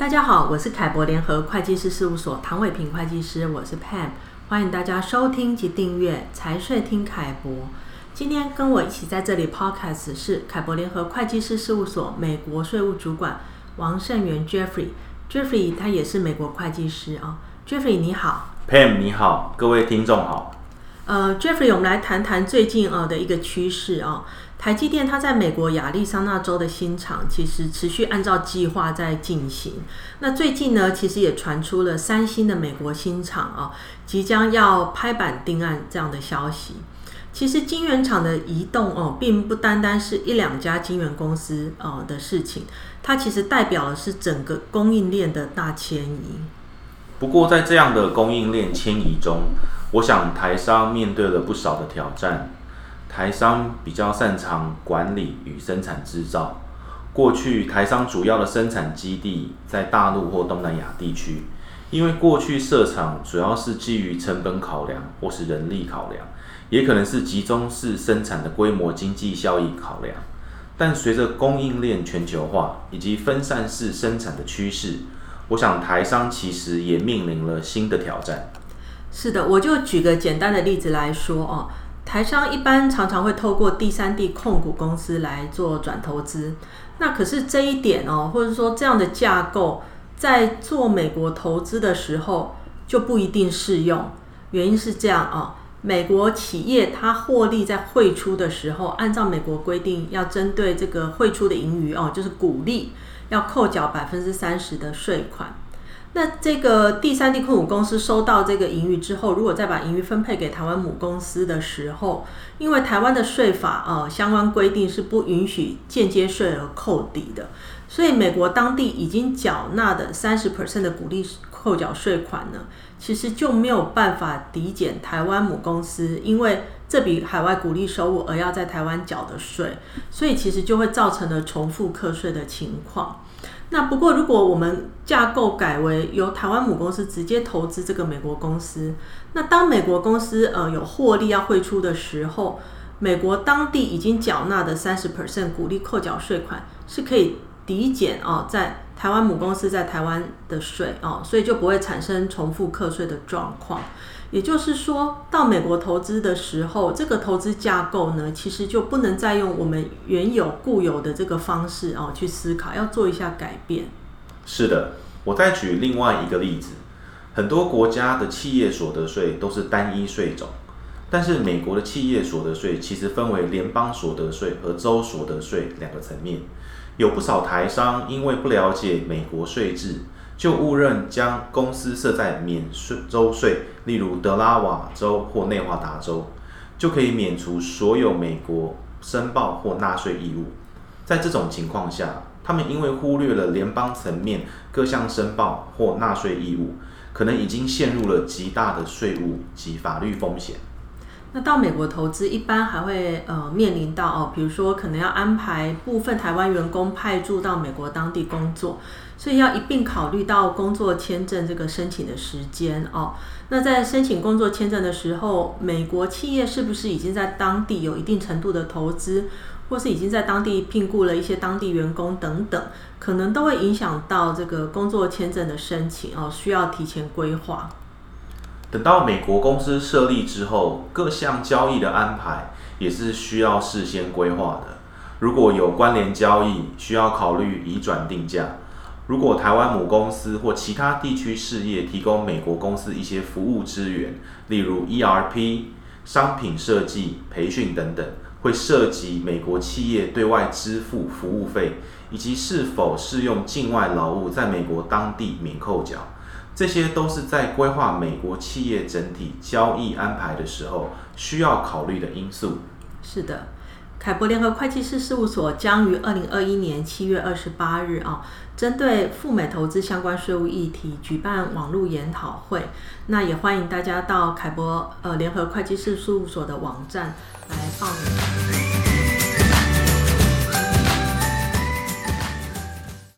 大家好，我是凱博聯合會計師事務所唐偉平會計師，我是 Pam，歡迎大家收聽及訂閱財稅聽凱博。今天跟我一起在這裡 Podcast 是凱博聯合會計師事務所美國稅務主管王盛源 Jeffrey，Jeffrey Jeffrey, 他也是美國會計師啊，哦。Jeffrey 你好，Pam 你好，各位聽眾好。呃，Jeffrey，我們來談談最近呃的一個趨勢啊。呃台積電它在美國亞利桑那州的新廠，其實持續按照計劃在進行。那最近呢，其實也傳出了三星的美國新廠啊、哦，即將要拍板定案這樣的消息。其實晶圓廠的移動哦，並不單單是一兩家晶圓公司哦的事情，它其實代表的是整個供應鏈的大遷移。不過在這樣的供應鏈遷移中，我想台商面對了不少的挑戰。台商比較擅長管理與生產製造。過去台商主要的生產基地在大陸或東南亞地區，因為過去設廠主要是基於成本考量，或是人力考量，也可能是集中式生產的規模經濟效益考量。但隨着供應鏈全球化以及分散式生產的趨勢，我想台商其實也面臨了新的挑戰。是的，我就舉個簡單的例子來說哦。台商一般常常會透過第三地控股公司來做轉投資，那可是這一點哦，或者說這樣的架構，在做美國投資的時候就不一定適用。原因是這樣哦、啊，美國企業它獲利在匯出的時候，按照美國規定要針對這個匯出的盈餘哦，就是股利要扣繳百分之三十的稅款。那這個第三地控股公司收到這個盈餘之後，如果再把盈餘分配給台灣母公司的時候，因為台灣的稅法啊、呃、相關規定是不允許間接稅額扣抵的，所以美國當地已經繳納的三十 percent 的股利扣繳稅款呢，其實就沒有辦法抵減台灣母公司因為這筆海外股利收入而要在台灣繳的稅，所以其實就會造成了重複課稅的情況。那不過，如果我們架構改為由台灣母公司直接投資這個美國公司，那當美國公司呃有獲利要匯出的時候，美國當地已經繳納的三十 percent 股利扣繳稅款是可以抵減哦，在台灣母公司，在台灣的稅哦，所以就不會產生重複課稅的狀況。也就是說到美國投資的時候，這個投資架構呢，其實就不能再用我們原有固有的這個方式哦去思考，要做一下改變。是的，我再舉另外一個例子，很多國家的企業所得稅都是單一稅種，但是美國的企業所得稅其實分為聯邦所得稅和州所得稅兩個層面。有不少台商因為不了解美國稅制，就誤認將公司設在免稅州稅，例如德拉瓦州或內華達州，就可以免除所有美國申報或納稅義務。在這種情況下，他們因為忽略了聯邦層面各項申報或納稅義務，可能已經陷入了極大的稅務及法律風險。那到美國投資，一般還會呃面臨到哦，比如說可能要安排部分台灣員工派駐到美國當地工作，所以要一併考慮到工作簽證這個申請的時間哦。那在申請工作簽證的時候，美國企業是不是已經在當地有一定程度的投資，或是已經在當地聘僱了一些當地員工等等，可能都會影響到這個工作簽證的申請哦，需要提前規劃。等到美國公司設立之後，各項交易的安排也是需要事先規劃的。如果有關聯交易，需要考慮移轉定價。如果台灣母公司或其他地區事業提供美國公司一些服務資源，例如 ERP、商品設計、培訓等等，會涉及美國企業對外支付服務費，以及是否適用境外勞務在美國當地免扣繳。這些都是在規劃美國企業整體交易安排的時候需要考慮的因素。是的，凱博聯合會計師事務所將於二零二一年七月二十八日啊，哦，針對赴美投資相關稅務議題舉辦網絡研討會。那也歡迎大家到凱博呃聯合會計師事務所的網站來報名。